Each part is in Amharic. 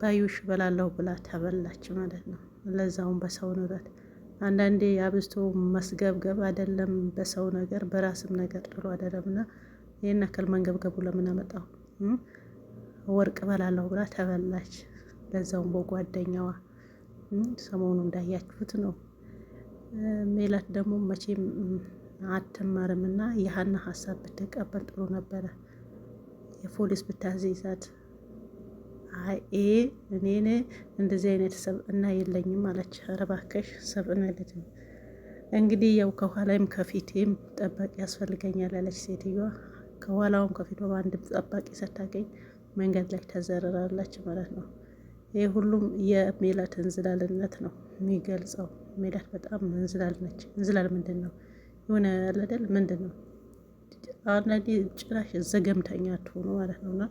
ባዩሽ በላለሁ ብላ ተበላች ማለት ነው። ለዛውን በሰው ንብረት አንዳንዴ አብዝቶ መስገብገብ አይደለም በሰው ነገር በራስም ነገር ጥሩ አይደለም። እና ይህን አካል መንገብገቡ ለምን አመጣው? ወርቅ በላለሁ ብላ ተበላች። ለዛውን በጓደኛዋ ሰሞኑ እንዳያችሁት ነው። ሜላት ደግሞ መቼም አትመርም እና የሀና ሀሳብ ብትቀበል ጥሩ ነበረ። የፖሊስ ብታዘይዛት አይ እኔን እንደዚህ አይነት ሰብእና የለኝም አለች። ረባከሽ እባክሽ ሰብእና ነው እንግዲህ ያው ከኋላይም ከፊቴም ጠባቂ ያስፈልገኛል አለች ሴትዮዋ ከኋላውም ከፊቷ በአንድም ጠባቂ ሳታገኝ መንገድ ላይ ተዘረራለች ማለት ነው። ይህ ሁሉም የሜላት እንዝላልነት ነው የሚገልጸው። ሜላት በጣም እንዝላል ነች። እንዝላል ምንድን ነው የሆነ ያለደል ምንድን ነው አንዳንዴ ጭራሽ ዘገምተኛ ትሆኑ ማለት ነውና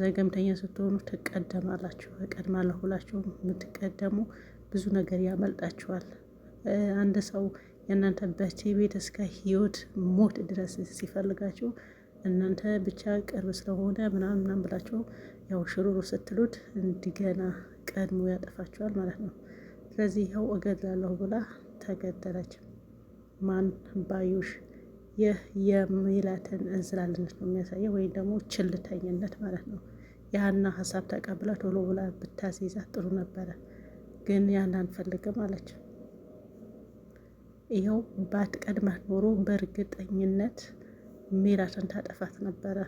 ዘገምተኛ ስትሆኑ ትቀደማላችሁ። እቀድማለሁ ብላችሁ የምትቀደሙ ብዙ ነገር ያመልጣችኋል። አንድ ሰው የእናንተ ቤት እስከ ህይወት ሞት ድረስ ሲፈልጋችሁ እናንተ ብቻ ቅርብ ስለሆነ ምናምን ምናምን ብላችሁ ያው ሽሩሩ ስትሉት እንዲገና ቀድሞ ያጠፋችኋል ማለት ነው። ስለዚህ ይኸው እገድላለሁ ብላ ተገደለች። ማን ባዩሽ ይህ የሚላትን እንዝላልነት ነው የሚያሳየው፣ ወይም ደግሞ ችልተኝነት ማለት ነው። ያና ሀሳብ ተቀብላ ቶሎ ብላ ብታስይዛት ጥሩ ነበረ፣ ግን ያን አንፈልግም አለች። ይኸው ባትቀድማት ኖሮ በእርግጠኝነት ሜላትን ታጠፋት ነበረ።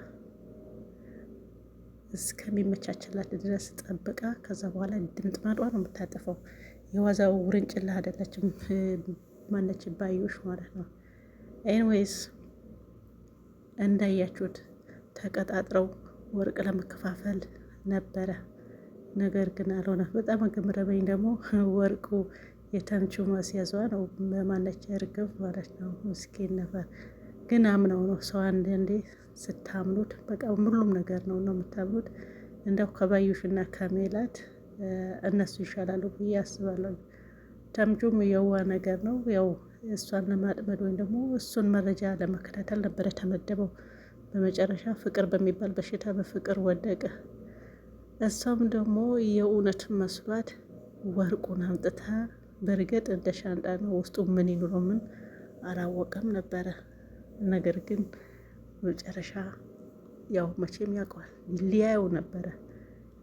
እስከሚመቻችላት ድረስ ጠብቃ ከዛ በኋላ ድምጥ ማጧ ነው የምታጠፋው። የዋዛው ውርንጭላ አይደለችም ማነች ባዩሽ ማለት ነው። ኤንዌይስ እንዳያችሁት ተቀጣጥረው ወርቅ ለመከፋፈል ነበረ። ነገር ግን አልሆነ። በጣም ገረመኝ ደግሞ ወርቁ የተምቹ ማስያዟ ነው። በማነች እርግብ ማለት ነው። ምስኪን ነበር ግን አምነው ነው ሰው አንድ ስታምኑት በቃ ሁሉም ነገር ነው ነው የምታምኑት። እንደው ከባዩሽ እና ከሜላት እነሱ ይሻላሉ ብዬ አስባለሁ። ተምቹም የዋ ነገር ነው ያው እሷን ለማጥመድ ወይም ደግሞ እሱን መረጃ ለመከታተል ነበረ ተመደበው። በመጨረሻ ፍቅር በሚባል በሽታ በፍቅር ወደቀ። እሷም ደግሞ የእውነት መስሏት ወርቁን አምጥታ በእርግጥ እንደ ሻንጣ ነው፣ ውስጡ ምን ይኑሮ ምን አላወቀም ነበረ። ነገር ግን መጨረሻ ያው መቼም ያውቀዋል ሊያየው ነበረ።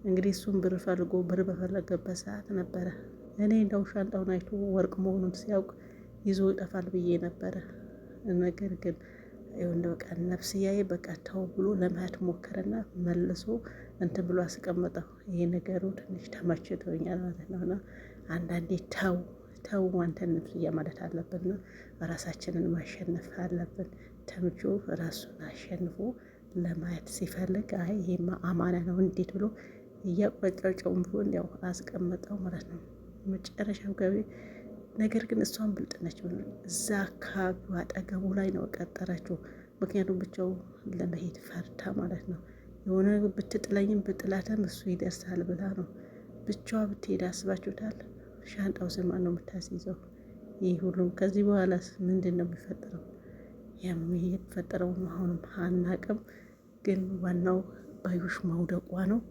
እንግዲህ እሱም ብር ፈልጎ ብር በፈለገበት ሰዓት ነበረ እኔ እንደው ሻንጣውን አይቶ ወርቅ መሆኑን ሲያውቅ ይዞ ይጠፋል ብዬ ነበረ። ነገር ግን እንደ በቃ ነፍስያዬ በቃ ተው ብሎ ለመሄድ ሞከረና መልሶ እንትን ብሎ አስቀመጠው። ይሄ ነገሩ ትንሽ ተመችቶኛል ማለት ነውና አንዳንዴ ተው ተው አንተን ነፍስያ ማለት አለብንና ራሳችንን ማሸነፍ አለብን። ተምቾ ራሱን አሸንፎ ለማየት ሲፈልግ አይ ይሄማ አማና ነው እንዴት ብሎ እያቆጫጨውን ቢሆን ያው አስቀመጠው ማለት ነው። መጨረሻው ገቢ ነገር ግን እሷን ብልጥ ነች። እዛ አካባቢ አጠገቡ ላይ ነው ቀጠረችው። ምክንያቱም ብቻው ለመሄድ ፈርታ ማለት ነው። የሆነ ብትጥለኝም ብጥላትም እሱ ይደርሳል ብላ ነው ብቻዋ ብትሄድ አስባችሁታል። ሻንጣው ስማ ነው የምታስይዘው። ይህ ሁሉም ከዚህ በኋላ ምንድን ነው የሚፈጠረው? የሚፈጠረው አሁንም አናቅም፣ ግን ዋናው ባዩሽ መውደቋ ነው።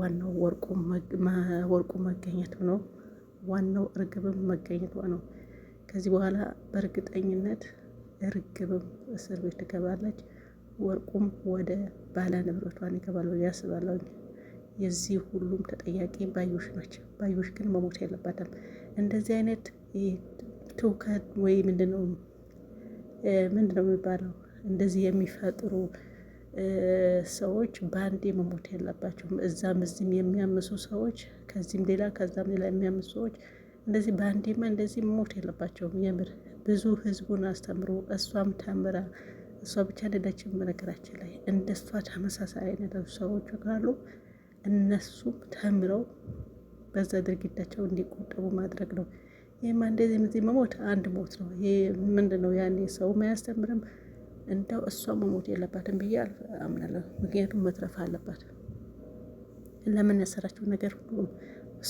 ዋናው ወርቁ መገኘቱ ነው። ዋናው እርግብም መገኘቷ ነው። ከዚህ በኋላ በእርግጠኝነት እርግብም እስር ቤት ትገባለች፣ ወርቁም ወደ ባለ ንብረቷን ይገባል ብዬ አስባለሁ። የዚህ ሁሉም ተጠያቂ ባዮሽ ነች። ባዮሽ ግን መሞት የለባትም። እንደዚህ አይነት ትውከት ወይ ምንድነው ምንድነው የሚባለው እንደዚህ የሚፈጥሩ ሰዎች በአንዴ መሞት የለባቸውም። እዛም እዚህም የሚያምሱ ሰዎች ከዚህም ሌላ ከዛም ሌላ የሚያምኑ ሰዎች እንደዚህ በአንዴማ እንደዚህ ሞት የለባቸውም። የምር ብዙ ህዝቡን አስተምሮ እሷም ተምራ እሷ ብቻ እንደዳችን በነገራችን ላይ እንደ እሷ ተመሳሳይ አይነት ሰዎች ካሉ እነሱም ተምረው በዛ ድርጊታቸው እንዲቆጠቡ ማድረግ ነው። ይህም እንደዚህ እንደዚህ መሞት አንድ ሞት ነው። ይሄ ምንድን ነው? ያኔ ሰው አያስተምርም። እንደው እሷ መሞት የለባትም ብዬ አምናለሁ። ምክንያቱም መትረፍ አለባት። ለምን የሰራችው ነገር ሁሉ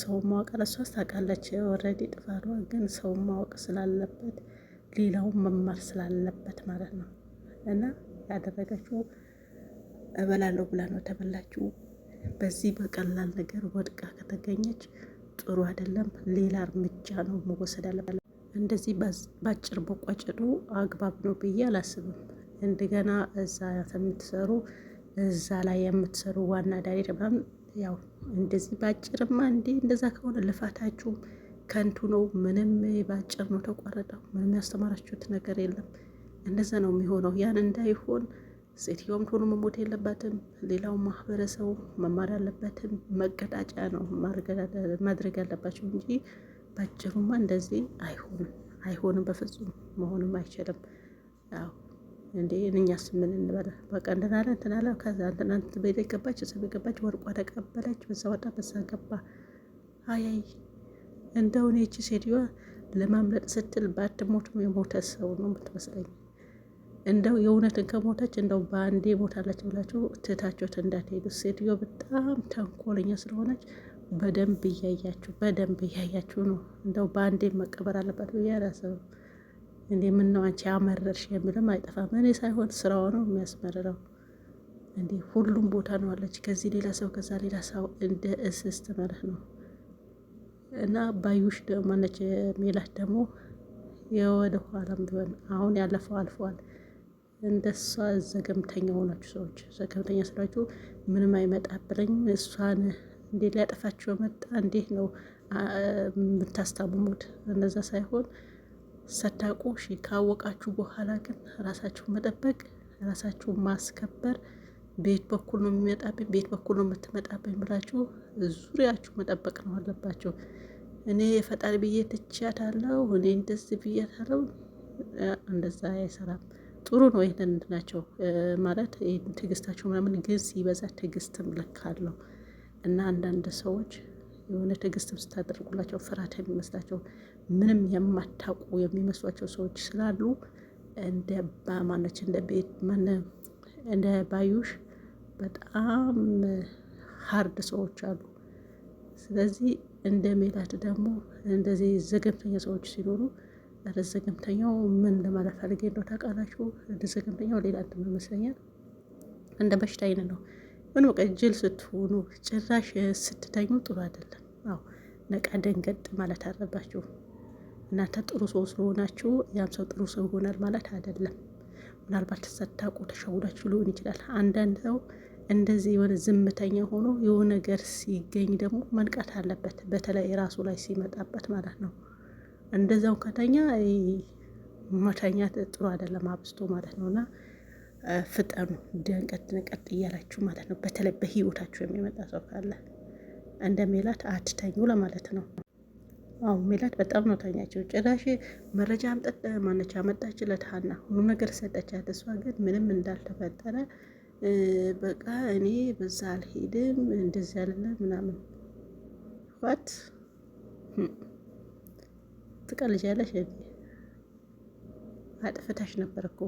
ሰው ማወቅ እሷ ታውቃለች። ወረዴ ጥፋቷ ግን ሰው ማወቅ ስላለበት ሌላውን መማር ስላለበት ማለት ነው። እና ያደረገችው እበላለሁ ብላ ነው ተበላችው። በዚህ በቀላል ነገር ወድቃ ከተገኘች ጥሩ አይደለም። ሌላ እርምጃ ነው መወሰድ አለበት። እንደዚህ ባጭር በቋጨዱ አግባብ ነው ብዬ አላስብም። እንደገና እዛ የምትሰሩ እዛ ላይ የምትሰሩ ዋና ዳይሬክተር ያው እንደዚህ ባጭርማ እንዴ እንደዛ ከሆነ ልፋታችሁ ከንቱ ነው። ምንም ባጭር ነው ተቋረጠው። ምንም ያስተማራችሁት ነገር የለም። እንደዛ ነው የሚሆነው። ያን እንዳይሆን ሴትዮዋም ቶሎ መሞት የለባትም። ሌላው ማህበረሰቡ መማር ያለበትም መቀጣጫ ነው ማድረግ ያለባቸው እንጂ ባጭሩማ እንደዚህ አይሆንም አይሆንም፣ በፍጹም መሆንም አይችልም። እንዴ እኛስ ምን እንበላ? በቃ እንደናለ እንትናለ ከዛ እንትናንት ቤት ገባች፣ ሰብ ገባች፣ ወርቋ ተቀበለች፣ በዛ ወጣ፣ በዛ ገባ። አያይ እንደው እኔ ይቺ ሴትዮዋ ለማምለጥ ስትል ባትሞት የሞተ ሰው ነው የምትመስለኝ። እንደው የእውነትን ከሞተች እንደው በአንዴ ሞታለች ብላችሁ ትታችሁት እንዳትሄዱ። ሴትዮ በጣም ተንኮለኛ ስለሆነች በደንብ እያያችሁ በደንብ እያያችሁ ነው። እንደው በአንዴ መቀበር አለባት ብዬ አላሰብም። እንዴ ምነው አንቺ አመረርሽ የሚልም አይጠፋም። እኔ ሳይሆን ስራው ነው የሚያስመርረው። እንዴ ሁሉም ቦታ ነው አለች። ከዚህ ሌላ ሰው ከዛ ሌላ ሰው እንደ እስስት ማለት ነው። እና ባዩሽ ማነች ሜላት ደግሞ የወደ ኋላም ቢሆን አሁን ያለፈው አልፏል። እንደሷ ዘገምተኛ ሆናችሁ ሰዎች፣ ዘገምተኛ ስላችሁ ምንም አይመጣብለኝ እሷን እንዴ ሊያጠፋቸው መጣ እንዴት ነው የምታስታምሙት? እነዛ ሳይሆን ሳታውቁ እሺ፣ ካወቃችሁ በኋላ ግን ራሳችሁን መጠበቅ፣ ራሳችሁን ማስከበር ቤት በኩል ነው የሚመጣብኝ፣ ቤት በኩል ነው የምትመጣብኝ ብላችሁ ዙሪያችሁ መጠበቅ ነው አለባቸው። እኔ የፈጣሪ ብዬ ትቻታለሁ፣ እኔ እንደዚህ ብያታለሁ፣ እንደዛ አይሰራም። ጥሩ ነው። ይህንን እንድናቸው ማለት ትዕግስታቸው ምናምን ግን ሲበዛ ትዕግስትም ልካለሁ እና አንዳንድ ሰዎች የሆነ ትዕግስትም ስታደርጉላቸው ፍርሃት የሚመስላቸው ምንም የማታውቁ የሚመስሏቸው ሰዎች ስላሉ እንደ ባማነች እንደ ቤት እንደ ባዩሽ በጣም ሀርድ ሰዎች አሉ። ስለዚህ እንደ ሜላት ደግሞ እንደዚህ ዘገምተኛ ሰዎች ሲኖሩ ዘገምተኛው ምን ለማለት ፈልጌ እንደው ታውቃላችሁ? ዘገምተኛው ሌላ እንትን ይመስለኛል እንደ በሽታ አይነት ነው። ምን በቃ ጅል ስትሆኑ ጭራሽ ስትተኙ ጥሩ አይደለም። አዎ ነቃ ደንገጥ ማለት አለባችሁ። እናንተ ጥሩ ሰው ስለሆናችሁ ያም ሰው ጥሩ ሰው ይሆናል ማለት አይደለም። ምናልባት ተሰታቁ ተሸውዳችሁ ሊሆን ይችላል። አንዳንድ ሰው እንደዚህ የሆነ ዝምተኛ ሆኖ የሆነ ነገር ሲገኝ ደግሞ መንቃት አለበት። በተለይ ራሱ ላይ ሲመጣበት ማለት ነው። እንደዛው ከተኛ መተኛት ጥሩ አይደለም፣ አብስቶ ማለት ነው። እና ፍጠኑ፣ ደንቀጥ ነቀጥ እያላችሁ ማለት ነው። በተለይ በህይወታችሁ የሚመጣ ሰው ካለ እንደ አትተኙ ለማለት ነው። አዎ ሜላት በጣም ነው ታኛቸው። ጭራሽ መረጃ አምጠት ማነች አመጣች ለታና ሁሉ ነገር ሰጠቻት። እሷ ግን ምንም እንዳልተፈጠረ በቃ እኔ በዛ አልሄድም እንደዚ ያለ ምናምን ዋት ትቀልጃለሽ። አጥፍታሽ ነበር እኮ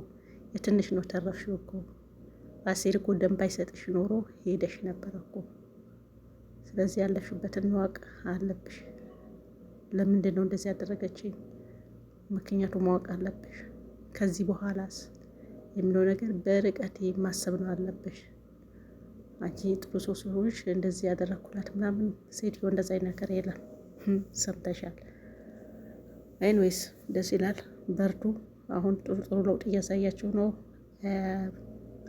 የትንሽ ነው ተረፍሽው እኮ አሴር እኮ ደም ባይሰጥሽ ኖሮ ሄደሽ ነበር እኮ። ስለዚህ ያለሽበትን ማወቅ አለብሽ። ለምንድን ነው እንደዚህ ያደረገችኝ? ምክንያቱ ማወቅ አለብሽ። ከዚህ በኋላስ የሚለው ነገር በርቀት ማሰብ ነው አለብሽ። አንቺ ጥሩ ሰው ስለሆንሽ እንደዚህ ያደረግኩላት ምናምን፣ ሴትዮ እንደዛ ነገር የለም። ሰምተሻል። አይንዌይስ ደስ ይላል። በርዱ። አሁን ጥሩ ጥሩ ለውጥ እያሳያችሁ ነው።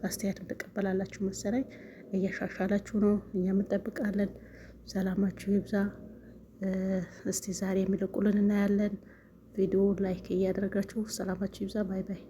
አስተያየትም ትቀበላላችሁ መሰለኝ። እያሻሻላችሁ ነው። እኛ እንጠብቃለን። ሰላማችሁ ይብዛ። እስቲ ዛሬ የሚለቁልን እናያለን። ቪዲዮ ላይክ እያደረጋችሁ ሰላማችሁ ይብዛ። ባይ ባይ።